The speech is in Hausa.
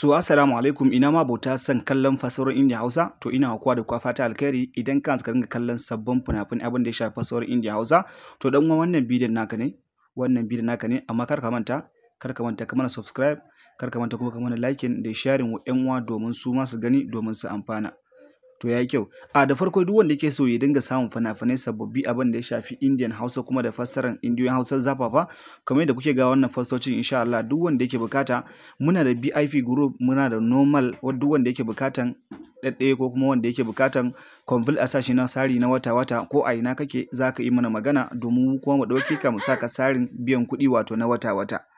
su asalamu alaikum ina ma bauta son kallon fasarar indiya Hausa to ina kowa da kwa ta alkhairi idan ka ka ringa kallon sabbin funafun abin da ya shafi fasarar India Hausa to dan uwa wannan bidiyon naka ne wannan bidiyon naka ne amma kar ka manta kar ka manta ka subscribe kar ka manta kuma ka like da sharing wa yan uwa domin su ma su gani domin su amfana to ya kyau a da farko duk wanda yake so ya dinga samun fina-finai sababbi abin da ya shafi indian hausa kuma da fassarar indiyoyin hausa zafafa kamar yadda kuke ga wannan fastocin insha Allah duk wanda yake bukata muna da bip group muna da normal duk wanda yake bukatan ɗaɗɗaya ko kuma wanda yake bukatan konfil a sashi na sari na wata-wata ko a ina kake za ka yi mana magana domin kuma mu ɗauke ka mu saka sarin biyan kuɗi wato na wata-wata